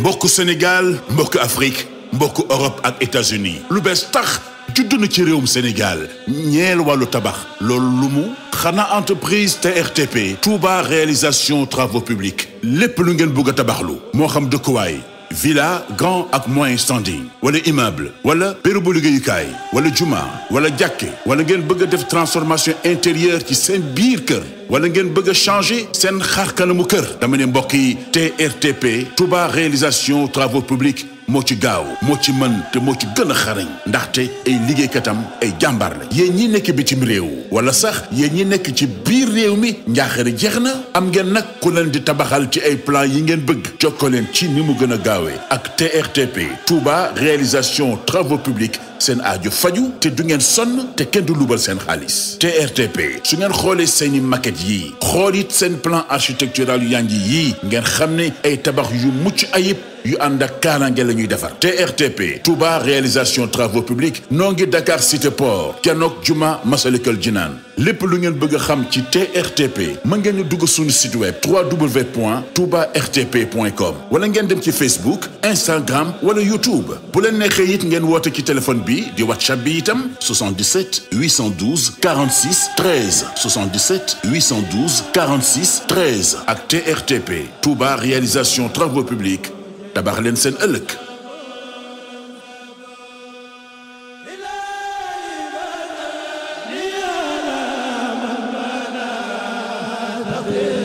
mbokk Sénégal mbokk Afrique mbokk Europe ak États-Unis lu bees tax judd na ci réewum Sénégal ñeel wàllu tabax loolu lu mu xanaa entreprise TRTP Touba réalisation travaux publics lépp lu ngeen bëgg a lu moo xam dëkkuwaay villa gan ak moyen standing wala immeuble wala bérébu liggéeyukaay wala juma wala jàkke wala ngeen bëgg a def transformation intérieure ci seen biir kër wala ngeen bëgg changé changer seen xarkanamu kër dama ne mbokk yi TRTP Touba réalisation travaux publics moo ci gaaw moo ci mën te moo ci gën a xarañ ndaxte ay liggéeykatam ay jàmbaar la yéen ñi nekk bitim réew wala sax yéen ñi nekk ci biir réew mi njaaxare jeex na am ngeen nag ku leen di tabaxal ci ay plan yi ngeen bëgg jokkoo leen ci ni mu gën a gaawee ak TRTP Touba réalisation travaux publics seen aajo faju te du ngeen sonn te kenn du lubal seen xaalis TRTP su ngeen xoolee seeni maquette yi xool it seen plan architectural yu yaa ngi yii ngeen xam ne ay tabax yu mucc ayib yu ànd ak kaaraange ñuy defar TRTP Touba réalisation travaux publics noo ngi Dakar Cité Port kenook Juma Masalikul Jinaan lépp lu ngeen bëgg a xam ci TRTP mën ngeen ñu dugg suñu site web www.toubartp.com wala ngeen dem ci Facebook Instagram wala YouTube bu leen neexee it ngeen woote ci téléphone bi di WhatsApp bi itam 77 812 46 13 77 812 46 13 ak TRTP Touba réalisation travaux publics tabax leen seen ëllëg. Amin